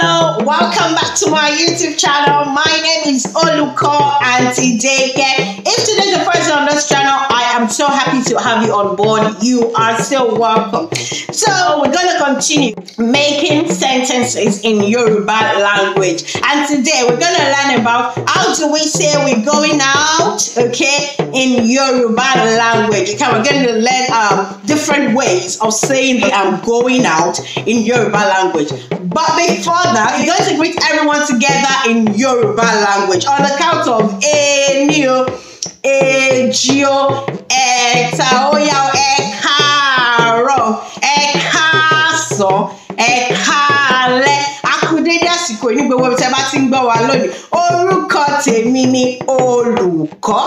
Hello, welcome back to my YouTube channel. My name is Oluko and If today's the first I'm so happy to have you on board. You are so welcome. So we're going to continue making sentences in Yoruba language. And today we're going to learn about how do we say we're going out, okay, in Yoruba language. Okay, we're going to learn um, different ways of saying that I'm going out in Yoruba language. But before that, we're going to greet everyone together in Yoruba language on the count of new. èjì o ẹ̀ta ó yá o ẹ káàárọ̀ ẹ káàsán ẹ káalẹ́ akudédé àsìkò yìí gbogbo ibi tí a bá ti ń gbọ́ wa lónìí orúkọ tèmi ni olùkọ́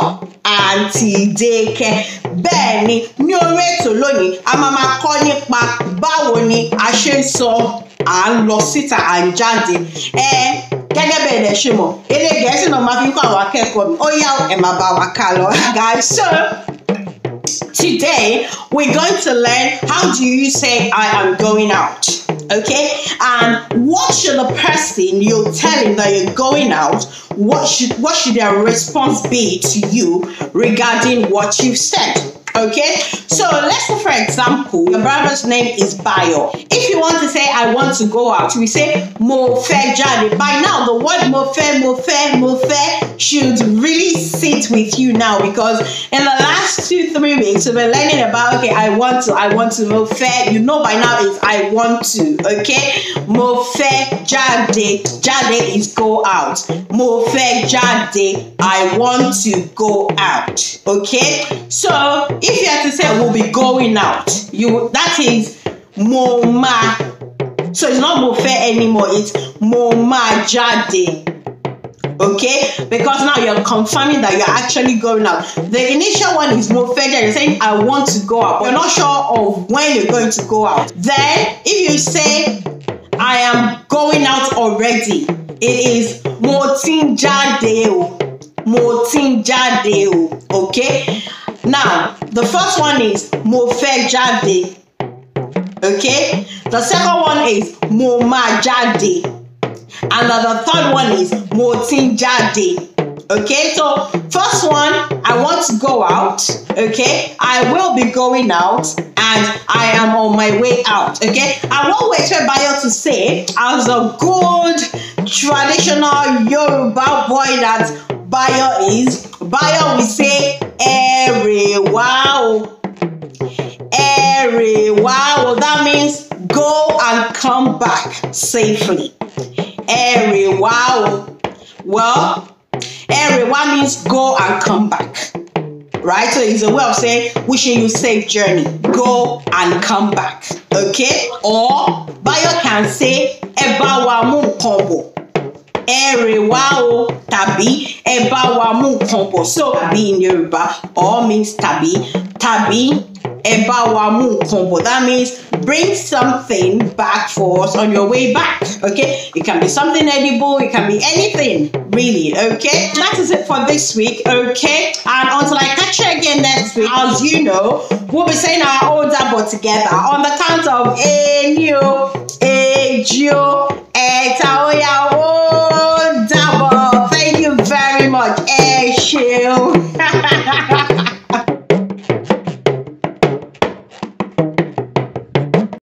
àǹtí Dékẹ́ bẹ́ẹ̀ ni ní orí ètò lónìí a máa máa kọ́ nípa báwo ni a ṣe ń sọ à ń lọ síta à ń jáde ẹ. Eh, gẹ́gẹ́ bẹ́ẹ̀ lẹ ṣe mọ̀ gẹ̀ẹ́sì náà máa fi ń kọ́ àwọn akẹ́kọ̀ọ́ mi ó yá ẹ̀ máa bá wa kà lọ guys so today we're going to learn how do you say I am going out okay and what should the person you're telling that you're going out what should what should their response be to you regarding what you've said okay so let's for example, your brother's name is Bayo. If you want to say, I want to go out, we say, Mo Fe Jade. By now, the word Mo Fe, Mo Fe, Mo Fe should really sit with you now because in the last two, three weeks, we've been learning about, okay, I want to, I want to, Mo Fe. You know by now is I want to, okay? Mo Fe Jade. Jade is go out. Mo Fe Jade. I want to go out, okay? So if you have to say, we'll be going out. You that is moma. So it's not buffet anymore, it's moma jade. Okay, because now you're confirming that you're actually going out. The initial one is more further, you're saying, I want to go out, but you're not sure of when you're going to go out. Then, if you say, I am going out already, it is Motinja jadeo, oh. Motinja jadeo, oh, Okay, now the first one is Mo Fe Jade. Okay? The second one is Mo Ma Jade. And the third one is Mo Tin Jade. Okay, so first one, I want to go out. Okay, I will be going out and I am on my way out. Okay, I want Weche Bayo to say, as a good traditional Yoruba boy that Bayo is, Bayo we say Ere wow. Ere wow. That means go and come back safely. Ere wow. Well, Ere wow means go and come back. Right? So it's a way of saying wishing you safe journey. Go and come back. Okay? Or Bayo can say Eba wa mu kombo. ẹ rìn wá o tabi eba wa mu nnkan so tàbí in Yorùbá all means tàbí tàbí eba wa mú nǹkan that means bring something back for us on your way back okay it can be something edible it can be anything really okay that is it for this week okay and until I catch you again next week as you know we'll be saying our old double together on the count of Enyo Ejio. bless you.